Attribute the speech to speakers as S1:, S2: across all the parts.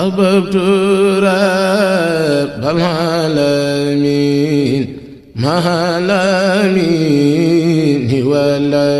S1: أحببت رب العالمين مع العالمين ولا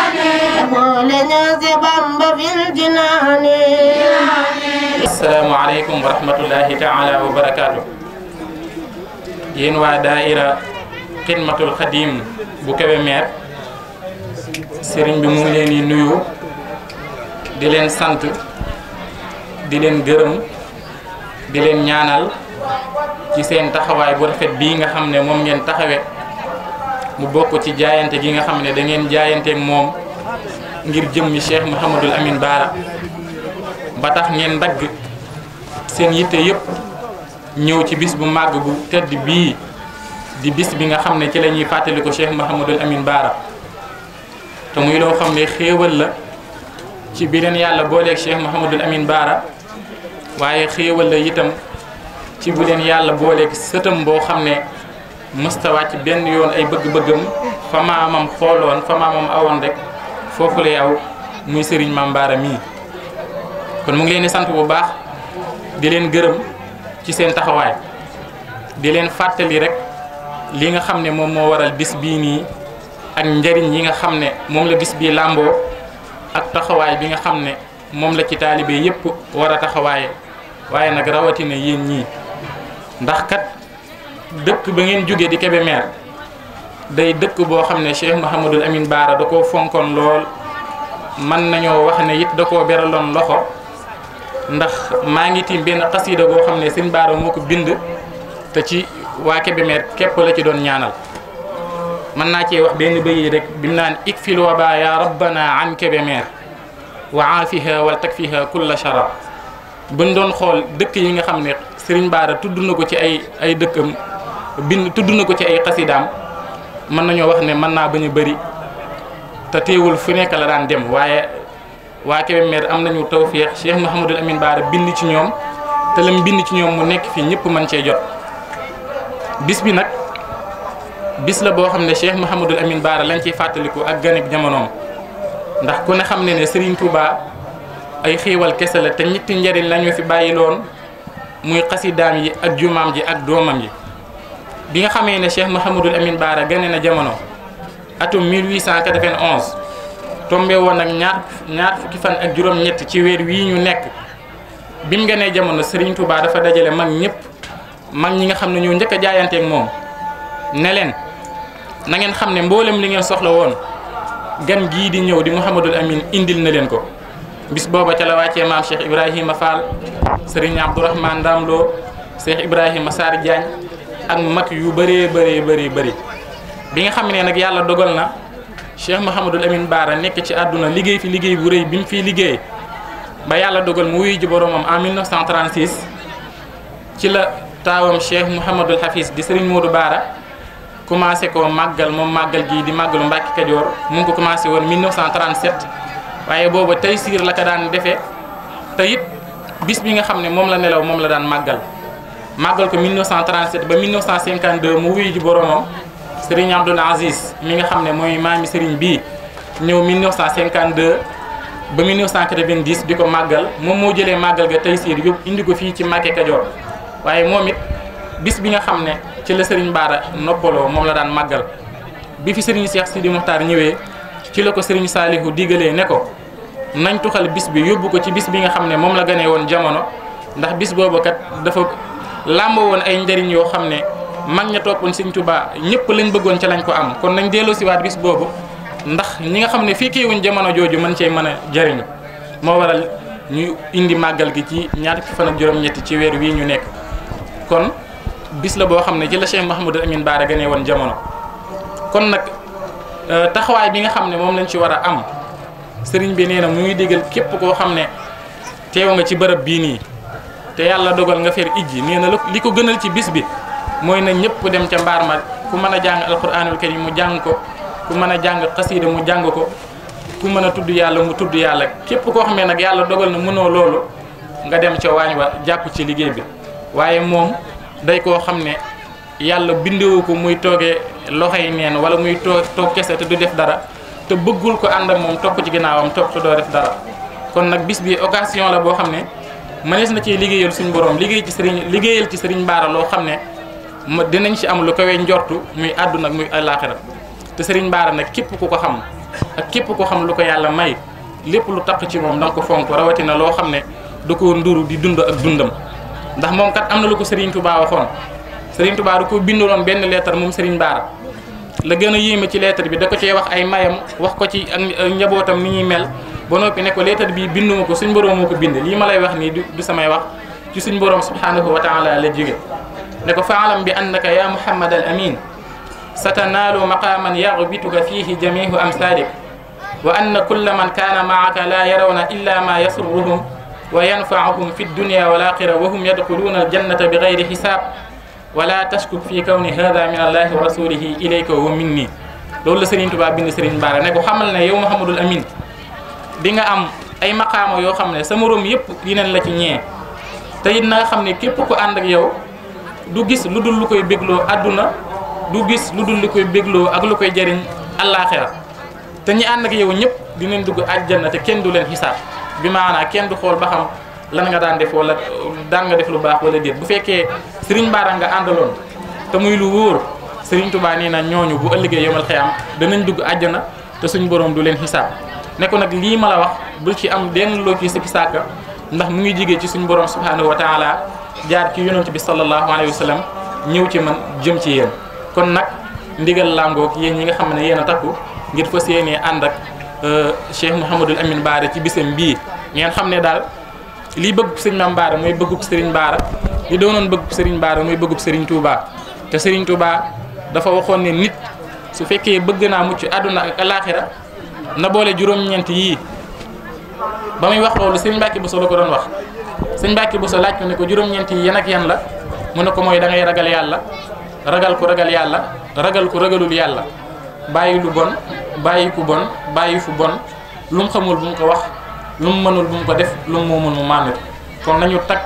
S2: boole ñaase bamba fil jinaani
S3: assalaamu aleykum wa rahmatullahi taala wa barakaatu yéen waa daaira xidmatul xadim bu Kébémer sëriñ bi mu leen yi nuyu di leen sant di leen gërëm di leen ñaanal ci seen taxawaay bu rafet bii nga xam ne moom ngeen taxawe mu bokk ci jaayante gi nga xam ne dangeen ngeen moom ngir jëmmi Cheikh Mouhamadul Amin Baara ba tax ngeen dagg seen yitte yëpp ñëw ci bis bu màgg bu tëdd bii di bis bi nga xam ne ci lañuy ñuy fàttali ko Amin Baara te muy loo xam ne xéewal la ci beneen yàlla booleeg Cheikh Mouhamadul Amin Baara waaye xéewal la itam ci bu leen yàlla booleeg sëtam boo xam ne mësta ci benn yoon ay bëgg-bëggam fa maamam xooloon fa maamam awoon rek. foofu la yow muy sëriñ Mame mii kon mu ngi leen di sant bu baax di leen gërëm ci seen taxawaay di leen fàttali rekk li nga xam ne moom moo waral bis bii nii ak njariñ yi nga xam ne moom la bis bii làmboo ak taxawaay bi nga xam ne moom la ci taalibe yépp war a taxawaaye waaye nag rawatina yéen ñii ndax kat dëkk ba ngeen jóge di Kébémer day dëkk boo xam ne Cheikh Mouhamadul Amin Baara da koo fonkoon lool mën nañoo wax ne it da koo beraloon loxo ndax maa ngi tiim benn xasiida boo xam ne sëñ Baara ko bind te ci waa Kébémer képp la ci doon ñaanal mën naa cee wax benn bëy rek bi mu naan ikfil wabaa ya rabbana an Kébémer wa doon xool dëkk yi nga xam ne sëriñ Baara tudd na ko ci ay ay dëkkam bind tudd na ko ci ay xasidaam mën nañoo wax ne mën naa bañ a bari te teewul fu nekk la daan dem waaye waa Kébémer am nañu tawféex Cheikh Mouhamadul Amine Baara bind ci ñoom te lam bind ci ñoom mu nekk fii ñëpp mën cee jot bis bi nag bis la boo xam ne Cheikh Mouhamadul Amine Baara lañ ciy fàttaliku ak ganib jamonoom ndax ku ne xam ne ne Serigne Touba ay xéewal kese la te ñetti njariñ lañu fi bàyyi loon muy xasidaam yi ak jumaam ji ak doomam yi. bi nga xamee ne Cheikh Mouhamadul Amine Baara gane na jamono atum 1891 tombé woon ak ñaar ñaar fukki fan ak juróom-ñett ci weer wii ñu nekk bim ganee jamono Serigne Touba dafa dajale mag ñëpp mag ñi nga xam ne ñoo njëkk a jaayanteeg moom ne leen na xam ne mboolem li ngeen soxla woon gan gii di ñëw di Mouhamadul Amine indil na leen ko. bis booba ca la wàccee maam Cheikh Ibrahima Fall Serigne loo Ndamlo Cheikh Ibrahima Sarr Diagne. ak mat yu bëree bëree bëri bëri bi nga xam ne nag yàlla dogal na Cheikh Mouhamadul Amin Baara nekk ci àdduna liggéey fi liggéey bu rëy bi mu fiy liggéey ba yàlla dogal mu wuyu ji boromam en 1936 ci la taawam Cheikh Mouhamadul Hafiz di Serigne Modou Baara commencé ko màggal moom màggal gii di màggalu Mbàkke Kajoor mu ngi ko commencé woon 1937 waaye booba tey siir la ko daan defee te it bis bi nga xam ne moom la nelaw moom la daan màggal. màggal ko 1937 ba 1952 mu wuyu ji boromam Serigne Abdoul Aziz mi nga xam ne mooy maami Serigne bii ñëw 1952 ba 1990 di ko màggal moom moo jëlee màggal ga tey siir yóbbu indi ko fii ci Mbàkke Kajoor waaye moom it bis bi nga xam ne ci la Serigne Bara noppaloo moom la daan màggal bi fi Serigne Cheikh Sidi Mokhtar ñëwee ci la ko Serigne Saalihu digalee ne ko nañ tuxal bis bi yóbbu ko ci bis bi nga xam ne moom la ganee woon jamono ndax bis boobu kat dafa. làmboo woon ay njëriñ yoo xam ne mag ña toppoon Sëñ Tuubaa ñëpp lañ bëggoon ca lañ ko am kon nañ waat bis boobu ndax ñi nga xam ne fii kiiwuñ jamono jooju mën cee mën a jëriñu moo waral ñu indi màggal gi ci ñaar fukki juróom-ñetti ci weer wii ñu nekk kon bis la boo xam ne ci la Cheikh Mouhamadou Amine Bara gane woon jamono kon nag euh, taxawaay bi nga xam ne moom lañ ci war a am sëriñ bi nee na mu ngi digal képp koo xam ne teew nga ci bërëb bii nii te yàlla dogal nga fer ijji nee na li ko gënal ci bis bi mooy na ñëpp dem ca mbaar ma ku mën a jàng alquranul yi mu jàng ko ku mën a jàng xasiida mu jàng ko ku mën a tudd yàlla mu tudd yàlla képp koo xamee nag yàlla dogal na mënoo loolu nga dem ca waañ wa jàpp ci liggéey bi waaye moom day koo xam ne yàlla bindewu ko muy tooge loxo yi neen wala muy toog toog kese te du def dara te bëggul ko ànd ak moom topp ci ginnaawam topp te doo def dara kon nag bis bi occasion la boo xam ne mënees na cee liggéeyal suñu borom liggéey ci sëriñ liggéeyal ci sëriñ Baara loo xam ne ma dinañ si am lu kawee njortu muy àdduna ak muy alaaxira te sëriñ Baara nag képp ku ko xam ak képp ko xam lu ko yàlla may lépp lu taq ci moom danga ko fonk rawatina loo xam ne du ko nduru di dund ak dundam ndax moom kat am na lu ko sëriñ Touba waxoon sëriñ Touba da ko bindaloon benn leetar moom sëriñ Baara la gën a yéeme ci leetar bi da ko cee wax ay mayam wax ko ci njabootam ni ñuy mel ba noppi ne ko leetar bii binduma ko suñ borom moko bind li malay wax ni du samay wax ci suñ borom subhanahu wa taala la jige ne ko faalam bi annaka ya muhammad al amin satanalu maqaman yagbituka fihi jami'u amsalik wa anna kull man kana maaka la yarawna illa ma yasurruhum wa yanfa'uhum fi dunya wal akhirah wa hum yadkhuluna al jannata bighayri hisab wa la tashkuk fi kawni hadha min allahi wa rasulihi ilayka wa minni loolu Serigne Touba bind Serigne Bara ne ko xamal ne yow Muhammadul Amin di nga am ay maqaama yoo xam ne sa moroom yëpp yeneen la ci ñee te it na nga xam ne képp ko ànd ak yow du gis lu dul lu koy bégloo àdduna du gis lu dul lu koy bégloo ak lu koy jariñ àllaaxira te ñi ànd ak yow ñëpp dinañ dugg àjjana te kenn du leen xisaab bi ma maanaa kenn du xool ba xam lan nga daan def wala daan nga def lu baax wala déet bu fekkee Serigne Bara nga àndaloon te muy lu wóor Serigne Touba nee na ñooñu bu ëllëgee yomal xiyam danañ dugg àjjana te suñ borom du leen xisaab. ne nag lii ma la wax bul ci am denn loo ci sikki sàkka ndax mu ngi jigee ci suñu borom subhanahu wa taala jaar ci yonent bi sallallahu alayhi wa sallam ñëw ci man jëm ci yéen kon nag ndigal làngoog yéen ñi nga xam ne yéen a takku ngir fas yéenee ànd ak euh, Cheikh Mouhamadul Amine Baara ci bisam bii ngeen xam ne daal lii bëgg sëñ Maam Baara mooy bëggub sëriñ Baara li doonoon bëggub sëriñ Baara mooy bëggub sëriñ Touba te sëriñ Touba dafa waxoon ne nit su fekkee bëgg naa mucc àdduna ak alaaxira na boole juróom-ñeent yii ba muy wax loolu sëñ Mbàkke bu la ko doon wax sëñ Mbàkke Bousso laaj ko ne ko juróom-ñeent yi yan ak yan la mu ne ko mooy dangay ngay ragal yàlla ragal ku ragal yàlla ragal ku ragalul yàlla bàyyi lu bon bàyyi ku bon bàyyi fu bon lu mu xamul bu mu ko wax lu mu mënul bu mu ko def lu mu moomul mu màndu kon nañu takk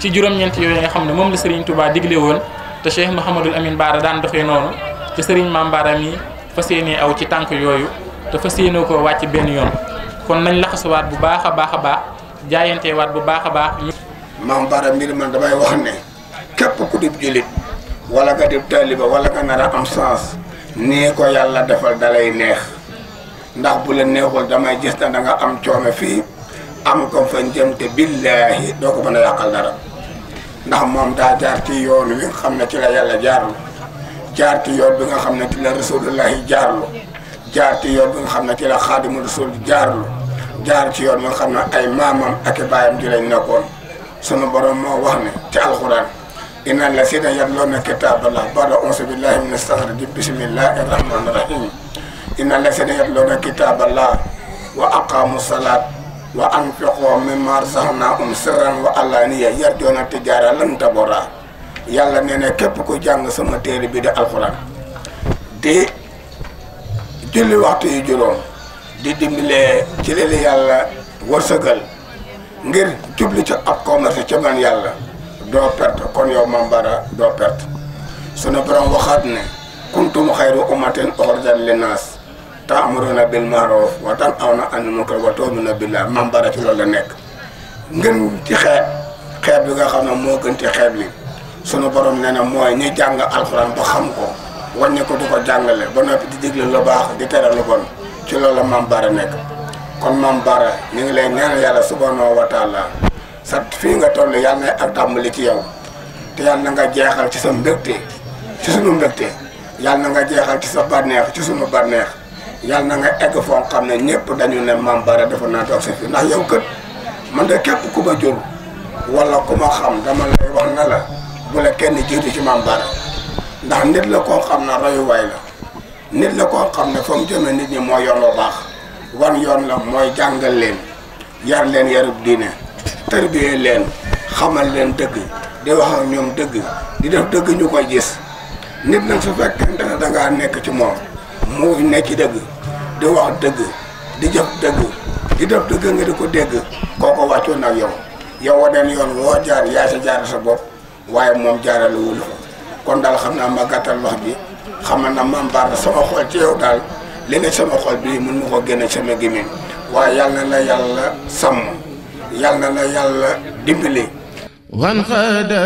S3: ci juróom-ñeent yooyu nga xam ne moom la Serigne Touba digle woon te Cheikh Mouhamadul Amine Baara daan doxee noonu te Serigne Maam Baara mi fas yéenee aw ci tànk yooyu. te fas yéene koo wàcc benn yoon kon nañ laxasuwaat bu baax a baax a baax jaayanteewaat bu baax a baax.
S1: maam Bara mbir man damay wax ne képp ku di jullit wala nga dib taaliba wala nga nar a am sens nii ko yàlla defal dalay neex ndax bu la neexul damay gis ne da nga am coono fii am ko fa njëm te billaahi doo ko mën a yàqal dara ndax moom daa jaar ci yoon wi nga xam ne ci la yàlla jaarlu jaar ci yoon bi nga xam ne ci la rasulullahi jaarlu jaar ci yoon bi xam ne ci la Xaadimu Rasuul jaarlu jaar ci yoon bi xam ne ay maamam ak baayam ji lañ nekkoon sunu borom moo wax ne ci alxuraan inna lasina yatluuna kitaaballah ba'da auzu billahi mina shaytaani bismillahi rahmaani rahim inna lasina yatluuna kitaaballah wa aqaamu salaat wa anfiqu mimma razaqnaahum sirran wa alaaniya yarjuuna tijaara lan tabura yàlla ne na képp ku jàng sama téere bi di alxuraan julli waxtu yu juróom di dimbalee ci li li yàlla wërsëgal ngir jubli ca ab commerce ca man yàlla doo perte kon yow Mame Bara doo perte sunu borom waxaat ne kuntum xayru ummatin uxrijat linnaas ta'muruna bil ma'ruf wa tanhawna 'anil munkar wa tu'minuna billah Mame Bara ci loolu la nekk ngën ci xeet xeet bi nga xam ne moo gën ci xeet bi sunu borom nee na mooy ñi jàng alxuraan ba xam ko wàññi ko di ko jàngale ba noppi di digle lu baax di tere lu bon ci loolu la maam nekk kon maam Bara ñu ngi lay ñaan yàlla subhanahu wa taala sa fii nga toll yàlla na ak tàmbali ci yow te yàlla na nga jeexal ci sa mbégte ci sunu mbégte yàlla na nga jeexal ci sa bànneex ci suñu bànneex yàlla na nga egg foo xam ne ñëpp dañu ne maam Bara dafa naa toog sa fi ndax yow kët man de képp ku ma jur wala ku ma xam dama lay wax na la bu la kenn jiitu ci maam ndax nit la koo xam ne rayuwaay la nit la koo xam ne fa mu jëme nit ñi mooy yoon bu baax wan yoon la mooy jàngal leen yar leen yarub diine tërbiyee leen xamal leen dëgg di wax ñoom dëgg di def dëgg ñu koy gis nit nag su fekkente ne da ngaa nekk ci moom mu nekk ci dëgg di wax dëgg di jëf dëgg di def dëgg nga di ko dégg koo kooko wàccoon ak yow yow waneen yoon woo jaar yaa sa jaar sa bopp waaye moom jaarale wu la kon daal xam na ma gàttal wax bi xamal na maam Bara sama xol ci yow daal li ne sama xol bii mun ma ko génne sama gémmiñ waaye yal na la yàlla sàmm yal na la yàlla dimbali wan xada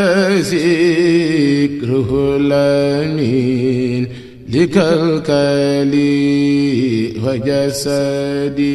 S1: zikruhu lamin likalkali wa jasadi